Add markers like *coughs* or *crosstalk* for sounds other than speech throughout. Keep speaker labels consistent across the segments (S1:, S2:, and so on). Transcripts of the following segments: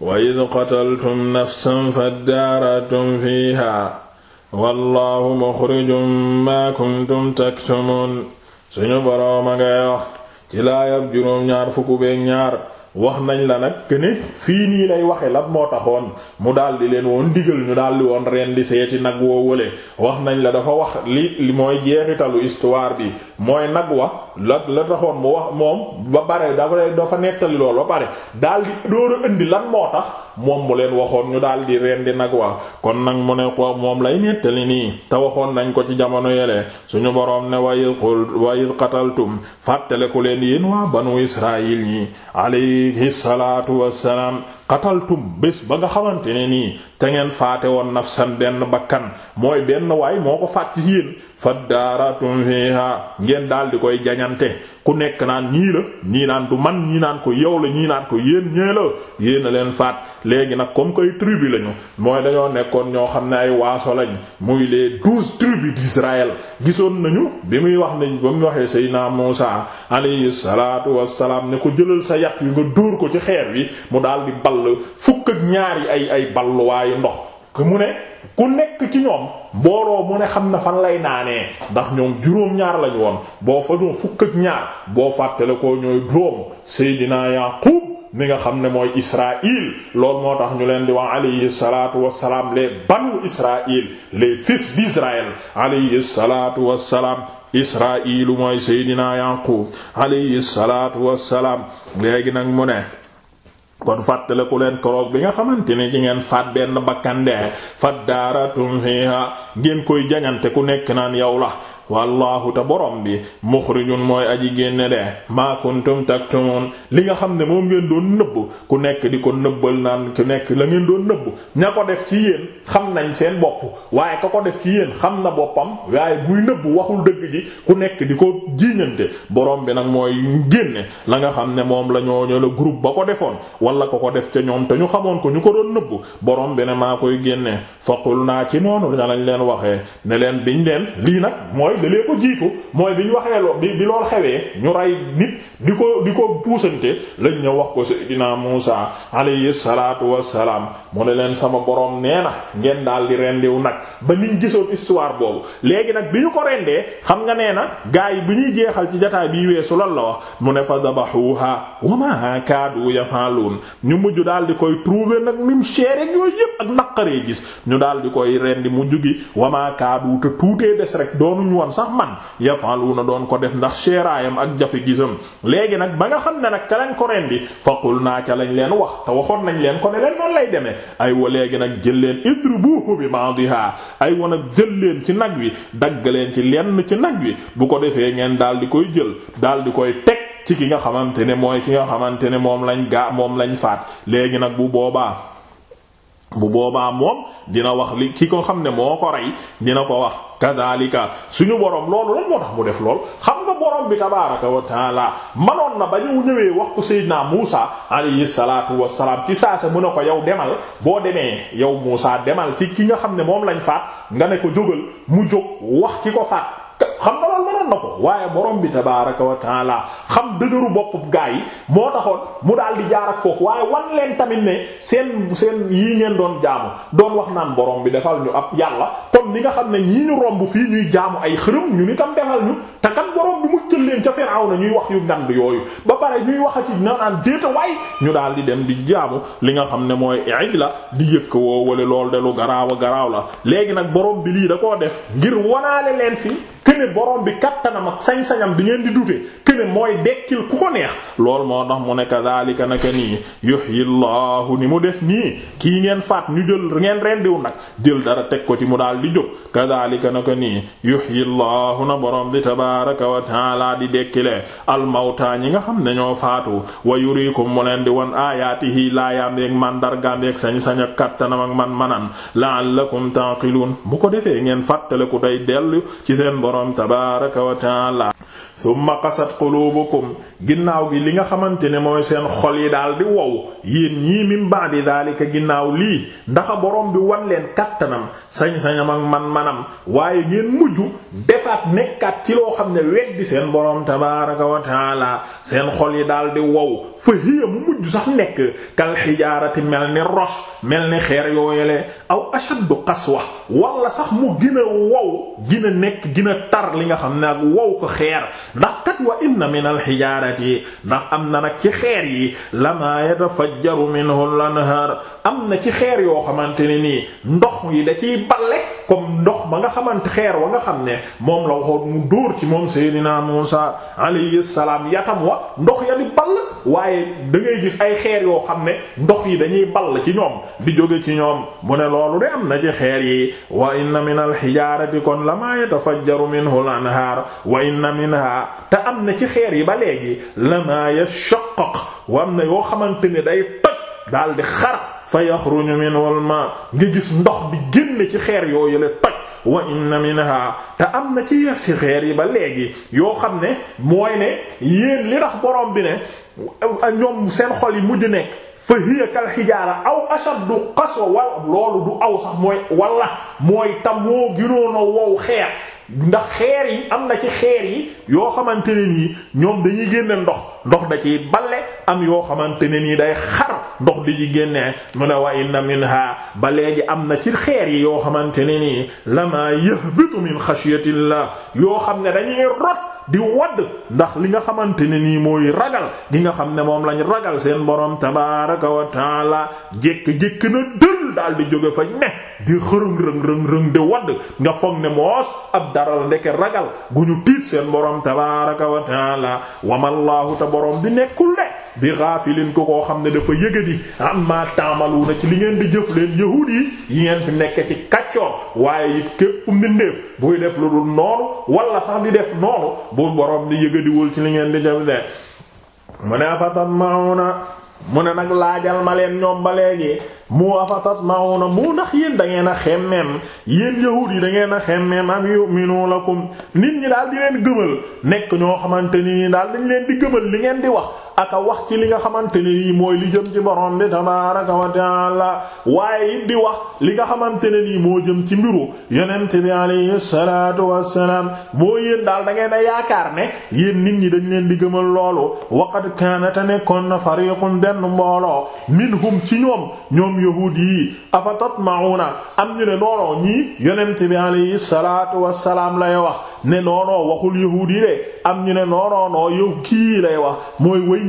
S1: wa id qataltum nafsan faddaaratum fiiha wallahu muxrijum maa kuntum taktumun suñu borooma ngay wax ci laayab juróom ñaar fukk beek ñaar wax nañ la nag que ne fii nii lay waxe lan moo taxoon mu daal di leen woon digal ñu daal di woon ren di seeti nag woo wële wax nañ la dafa wax li li mooy jeexitalu histoire bi mooy nag wa la la taxoon mu wax moom ba pare dafa dafa nettali lool ba pare daal di door a indi lan moo tax. moom mu leen waxoon ñu daal di rendi nag wa kon nag mu ne ko moom lay nettali nii te waxoon nañ ko ci jamono yele suñu boroom ne wayil qul wayil qataltum fàttaleku leen yéen waa banu israil yi alayhi salaatu wassalaam qataltum bés ba nga xamante ne nii te ngeen faate woon nafsan benn bakkan mooy benn waay moo ko faat ci yéen fa daaratum fiha ngeen daal di koy jañante ku nekk naan ñii la ñii naan du man ñii naan ko yow la ñii naan ko yéen ñee la yéen a leen faat léegi nag comme koy tribu lañu mooy dañoo nekkoon ñoo xam ne ay waaso lañ muy les douze tribus d'Israël gisoon nañu bi muy wax ne ba mu waxee naa Muusa alayhi salaatu wassalaam ne ko jëlal sa yat wi nga dóor ko ci xeer wi mu daal di ball fukk ak ñaari ay ay balluwaayu ndox mu ne ku nekk ci ñoom mbooloo mu ne xam na fan lay naanee ndax ñoom juróom-ñaar lañu woon boo fa doon fukk ak ñaar boo fàttale ko ñooy doomu Seydina Yaqub mi nga xam ne mooy Israël loolu moo tax ñu leen di wax alayhi salatu wasalaam les banu Israël les fils d'Israël alayhi salatu wasalaam Israël mooy seydinaa Yaqub alayhi salatu wasalaam léegi nag mu ne kon fàttaliku leen keroog bi nga xamante ne ci ngeen faat benn bakkandee fat daaratum fiha ngeen koy jañante ku nekk naan yow la wallahu te borom bi muxrijun mooy aji génne de maa kuntum taktumun li nga xam ne moom ngeen doon nëbb ku nekk di ko nëbbal naan ku nekk la ngeen doon nëbb ña ko def ci yéen xam nañ seen bopp waaye ka ko def ci yéen xam na boppam waaye buy nëbb waxul dëgg ji ku nekk di ko jiiñante borom bi nag mooy génne la nga xam ne moom la ñoo ñoo groupe ba ko defoon wala ko ko def ca ñoom te ñu xamoon ko ñu ko doon nëbb borom bi ne maa koy génne faqul naa ci noonu dina lañ leen waxee ne leen biñ leen lii nag mooy da lee ko jiitu mooy bi ñu waxee loo bi bi lool xewee ñu rey nit di ko di ko puusante lañ ñëw wax ko Seydina Muusa alayhi salaatu wassalaam mu ne leen sama borom nee na ngeen daal di rendiw nag ba niñ gisoon histoire boobu léegi nag bi ñu ko rendee xam nga nee na gaa yi bi ñuy jeexal ci jataay bi weesu lan la wax mu ne fa dabahuha wa ma kaadu yafalun ñu mujj daal di koy trouver nag nim chére yooyu yépp ak naqaree gis ñu daal di koy rendi mujj gi wa ma kaadu te tuutee des rek doonuñu woon sax man na doon ko def ndax seeraayam ak jafe gisam léegi nag ba nga xam ne nag ca lañ ko rendi faqul naa ca lañ leen wax te waxoon nañ leen ko ne leen noonu lay demee ay wa léegi nag jël leen bu idribuhu bi ba'diha ay wa nag jël leen ci nag wi dagg leen ci lenn ci nag wi bu ko defee ngeen daal di koy jël daal di koy teg ci ki nga xamante ne mooy ki nga xamante ne moom lañ gaa moom lañ faat léegi nag bu boobaa bu boobaa moom dina wax li ki ko xam ne moo ko rey dina ko wax kadhalika suñu boroom loolu lan moo tax mu def lool xam nga borom bi tabaraka wa taala manoon na ba ñu ñëwee wax ko Seydina Muusa alayhi salaatu wasalaam ci saasa mën a ko yaw demal boo demee yow Muusa demal ci ki nga xam ne moom lañ faat nga ne ko jógal mu jóg wax ki ko faat xam nga loolu mënoon na ko waaye boroom bi tabaaraka wa taala xam dëgëru bopp gaa yi moo taxoon mu daal di jaar ak foofu waaye wan leen tamit ne seen seen yii ngeen doon jaamu doon wax naan borom bi defal ñu ab yàlla comme ni nga xam ne ñii ñu romb fii ñuy jaamu ay xërëm ñu ni tam defal ñu te kat borom bi mu jël leen ca Firawna ñuy wax yu ngand yooyu ba pare ñuy wax waxati naan déeta waay ñu daal di dem di jaamu li nga xam ne mooy ijla di yëkk woo wala lool de lu la léegi nag borom bi da koo def ngir wanaale leen kene borom bi kattanam ak sañ-sañam bi ngeen di dute kene mooy dekkil ku ko neex loolu moo tax mu ne kadhalika naka nii yuhyi llahu ni mu def nii kii ngeen faat ñu jël ngeen rendiw nag jël dara teg ko ci mu daal di jóg kadhalika naka nii yuhyi llahu na borom bi tabaraka wa taala di dekkile almawta ñi nga xam ne ñoo faatu wa yurikum mu leen di won ayatihi laayaam yeeg mandargaam yeeg sañ-sañ ak kattanam ak man-manan la'allakum taqilun bu ko defee ngeen fàttale ku day dellu ci seen boroom tabaaraka wa taala summa qasat qulubukum ginnaaw gi li nga xamante ne mooy seen xol yi daal di wow yéen ñii min ba'di daalika ginnaaw lii ndaxa boroom bi wan leen kattanam sañ-sañam ak man-manam waaye ngeen mujj defaat nekkaat ci loo xam ne weddi seen borom tabaaraka wa taala seen xol yi daal di wow fa hiya mu mujj sax nekk kal xijaarati mel ni ros mel ni xeer yooyele aw ashaddu qaswa wala sax mu gën wow gën nekk gën a tar li nga xam ne ak wow ko xeer ndax kat wa inna min alxijaarati ndax am na nag ci xeer yi la lama yatafajjaru minhu lanhar am na ci xeer yoo xamante ne nii ndox yi da ciy balle comme ndox ma nga xamante xeer wa nga xam ne moom la ci moom Seydina Muusa alayhi salaam yatam wa ndox ya di waaye da ngay ay xeer yoo xam ne ndox yi dañuy ball ci ñoom di jóge ci ñoom mu ne loolu de am na ci xeer yi wa inna min alxijaarati kon lama yatafajjaru minhu lanhar wa inna minha te am na ci xeer yi ba léegi lama yashaqqaq wa am na yoo xamante ne day toj daal di xar fa yaxruju minhu al-maa gis ndox di génn ci xeer yooyu la toj wa inna minha te am na ci ci xeer yi ba léegi yoo xam ne mooy ne yéen li tax borom bi ne ñoom seen xol yi mujj nekk fa hiya kal xijaara aw ashaddu qaswa wal loolu du aw sax mooy wala mooy tam moo gënoon wow xeer ndax xeer yi am na ci xeer yi yoo xamante ne nii ñoom dañuy génne ndox ndox da ciy balle am yoo xamante ne nii day xar ndox di ci génnee mu ne wa min minha ba léegi am na ci xeer yi yoo xamante ne nii lama yahbitu min xashyatillah yoo xam ne dañuy rot di wadd ndax li nga xamante ne nii mooy ragal gi nga xam ne moom lañ ragal seen borom tabaaraka wa taala jékk-jékk na dël tëll daal di jóge fa ne di xërëng rëng rëng rëng di wadd nga foog ne moos ab dara la ndeke ragal gu ñu tiit seen borom tabaaraka wa taala wamallaahu te borom bi nekkul de bi gaafilin ko koo xam ne dafa yëgadi amma taamaluuna ci li ngeen di jëf leen yahuud yi yi ngeen fi nekk ci kaccoor waaye it képp mbindeef buy def lu dul noonu wala sax di def noonu bu borom di yëgadiwul ci li ngeen di jëf de mu ne afatatmauna mu ne nag laajal ma leen ñoom ba léegi mu afatas mauna mu ndax yéen da ngeen a xemmeem yéen yahuud yi da ngeen a xemmeem am yu'minu lakum nit ñi daal di leen gëmal nekk ñoo xamante ni daal dañ leen di gëmal li ngeen di wax aka wax ci li nga xamante ne nii mooy li jëm ci borom bi tabaaraka wa taala waaye it di wax li nga xamante ne nii moo jëm ci mbiru yonent bi alayhi salaatu wassalaam moo yéen daal da ngeen a yaakaar ne yéen nit ñi dañ leen di gëmal loolu waqad kaanata nekkoon na fariqun benn mbooloo minhum ci ñoom ñoom yahuud yi afa na am ñu ne noonoo ñii yonent bi alayhi salaatu wassalaam lay wax ne noonoo waxul yahuud yi de am ñu ne noonoo noo yow kii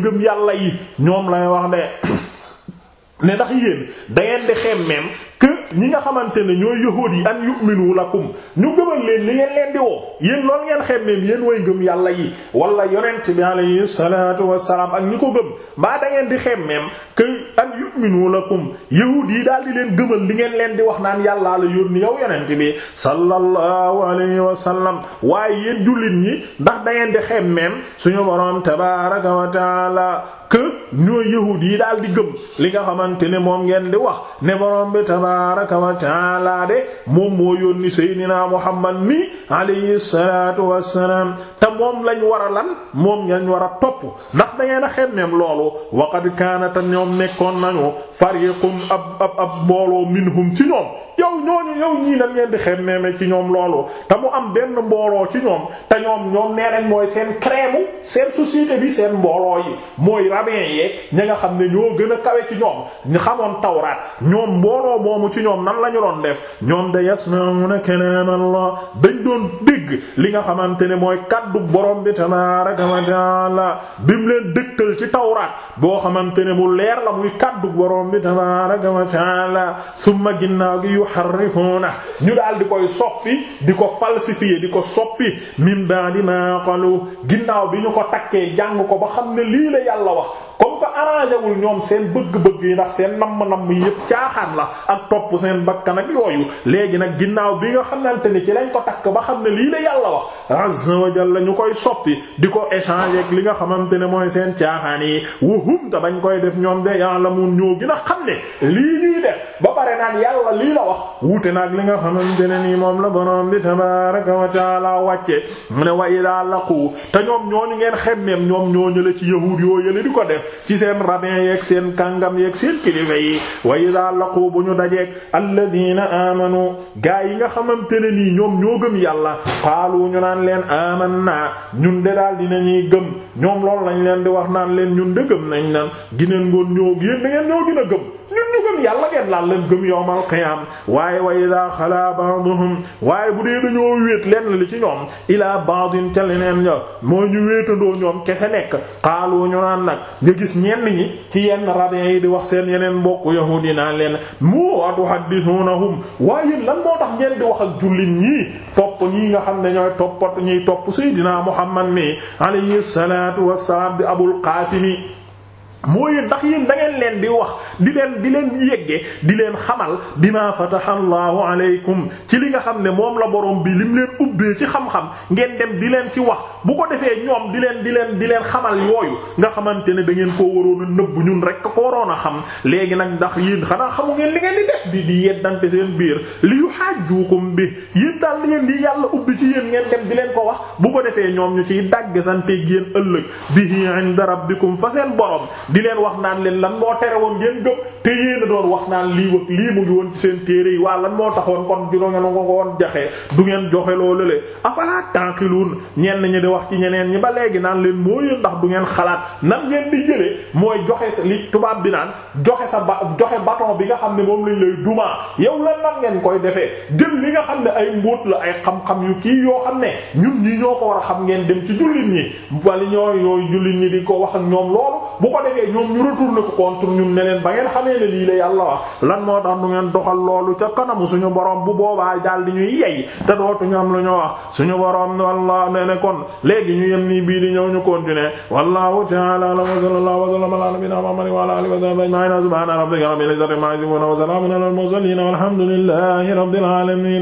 S1: ngëm yàlla yi ñoom lay wax ne *coughs* ne ndax yéen dangeen di xemmeem que ñi nga xamante ne ñooy yahuud yi an yu'minu lakum ñu gëmal leen li ngeen leen di woo yéen lool ngeen xemmeem yéen way ngëm yàlla yi walla yonent bi alayhi salaatu wassalaam ak ñi ko gëm mbaa da ngeen di xemmeem que an yu'minu lakum yahuud yi daal di leen gëmal li ngeen leen di wax naan yàllaa la yónni yow yonent bi sallallahu alayhi wasallam waaye yéen jullit ñi ndax da ngeen di xemmeem suñu borom tabaaraka wa taala que ñoo yahud yi daal di gëm li nga xamante ne moom ngeen di wax ne borom bi tabaaraka wa taala de moom moo yónni seydinaa muhammad mi alayhi salaatu wassalaam te moom lañ war a lan moom ngeen war a topp ndax da ngeen a xemmeem loolu waqad kaana te ñoom nekkoon nañu fariqum ab ab ab mbooloo minhum ci ñoom yow ñooñu yow ñii nan ngeen xemmeeme ci ñoom loolu te mu am benn mbooloo ci ñoom te ñoom ñoom nee mooy seen crème seen société bi seen mbooloo yeeg nga xam ne ñoo gën a kawe ci ñoom ñu xamoon tawraat ñoom mbooloo moomu ci ñoom nan la ñu doon def ñoom da yasma'una kalam Allah dañ doon dégg li nga xamante ne mooy kaddu borom bi tabaaraka wa taala bim leen dëkkal ci tawraat boo xamante ne mu leer la muy kaddu borom bi tabaaraka wa taala summa ginnaaw gi na ñu daal di koy soppi di ko falsifier di ko soppi min ba'di ma qalu ginnaaw bi ñu ko takkee jàng ko ba xam ne lii la yàlla wax comme que arrangé ñoom seen bëgg-bëgg yi ndax seen namm nam yi yëpp caaxaan la ak topp seen bakkan ak yooyu léegi nag ginnaaw bi nga xamante ni ci lañ ko takk ba xam ne lii la yàlla wax azza ñu koy soppi di ko échanger ak li nga xamante ne mooy seen caaxaan yi wuhum ta bañ koy def ñoom de ya'lamun ñoo gën a xam ne lii ñuy ba pare naan yàlla wax wuute nag li nga xamante ne nii moom la borom bi tabaaraka wa ta'aala wàcce mu ne wa idaa laqu te ñoom ñooñu ngeen xem xemmeem ñoom ñu la ci yahuud yoo yële di ko def ci seen rabin yeeg seen kàngam yeeg seen kilifa yi way iza laqu bu ñu dajeeg alladina amanu gaa yi nga xamante ne nii ñoom ñoo gëm yàlla xaalu ñu naan leen naa ñun de daal dina ñuy gëm ñoom loolu lañ leen di wax naan leen ñun de gëm nañ naan gineen ngoon ñoo yéen da ngeen ñoo gën a gëm gëm yàlla ngeen laal leen gëm yowmal qiyaam waaye wa idaa xalaa ba'duhum waaye bu dee dañoo wéet lenn li ci ñoom ilaa ba'din ca leneen ña moo ñu wéetandoo ñoom kese nekk xaalu ñu naan nag nga gis ñenn ñi ci yenn rabbin yi di wax seen yeneen mbokk yahuudi naan leen mu atuhaddithunahum waaye lan moo tax ngeen di wax ak jullit ñii topp ñii nga xam ne ñooy toppat ñiy topp Seydina Muhammad mi alayhi salaatu wassalaam bi Abul Qaasim moo mooy ndax yéen da ngeen leen di wax di leen bi leen yegge di leen xamal bima fataha allahu aleykum ci li nga xam ne moom la borom bi lim leen ubbee ci xam-xam ngeen dem di leen ci wax bu ko defee ñoom di leen di leen di leen xamal yooyu nga xamante ne da ngeen koo waroon a nëbb ñun rek ko waroon a xam léegi nag ndax yéen xanaa xamu ngeen li ngeen di def di di yeddante seen biir li yu xaajukum bi yéen daal ngeen di yàlla ubbi ci yéen ngeen dem di leen ko wax bu ko defee ñoom ñu ciy dàgg santeeg yéen ëllëg bihi inda rabbikum fa seen borom di leen wax naan leen lan moo tere woon ngeen gëm te yéen a doon wax naan lii wëg lii mu ngi woon ci seen téere yi waa lan moo taxoon kon du ngeen ko woon joxe du ngeen joxe loolu le afala taqilun ñenn ñi di wax ci ñeneen ñi ba léegi naan leen moo yéen ndax du ngeen xalaat nan ngeen di mooy joxe sa li tubaab bi naan joxe sa ba joxe bâton bi nga xam ne moom lañ lay dumaa yow lan nan ngeen defee jël li nga xam ne ay mbóot la ay xam yu kii yoo xam ne ñun ñi ñoo ko war a xam ngeen dem ci jullit ñi wala ñoo yooyu jullit ñi di ko wax ak ñoom loolu bu ko defee ñoom ñu retourné ko contre ñun ne ba ngeen xamee ne lii la yàlla wax lan moo tax du ngeen doxal loolu ca kanamu suñu borom bu boobaa daal di ñuy yey te dootuñu am lu ñu wax suñu borom wallah ne kon léegi ñu yem nii bii di ñëw ñu continuer wallahu ta'ala wa sallallahu wa sallama ala nabiyyina muhammadin wa ala alihi wa sahbihi ajma'in subhana rabbika rabbil izzati amma yasifun wa salamun ala al mursalin walhamdulillahi rabbil alamin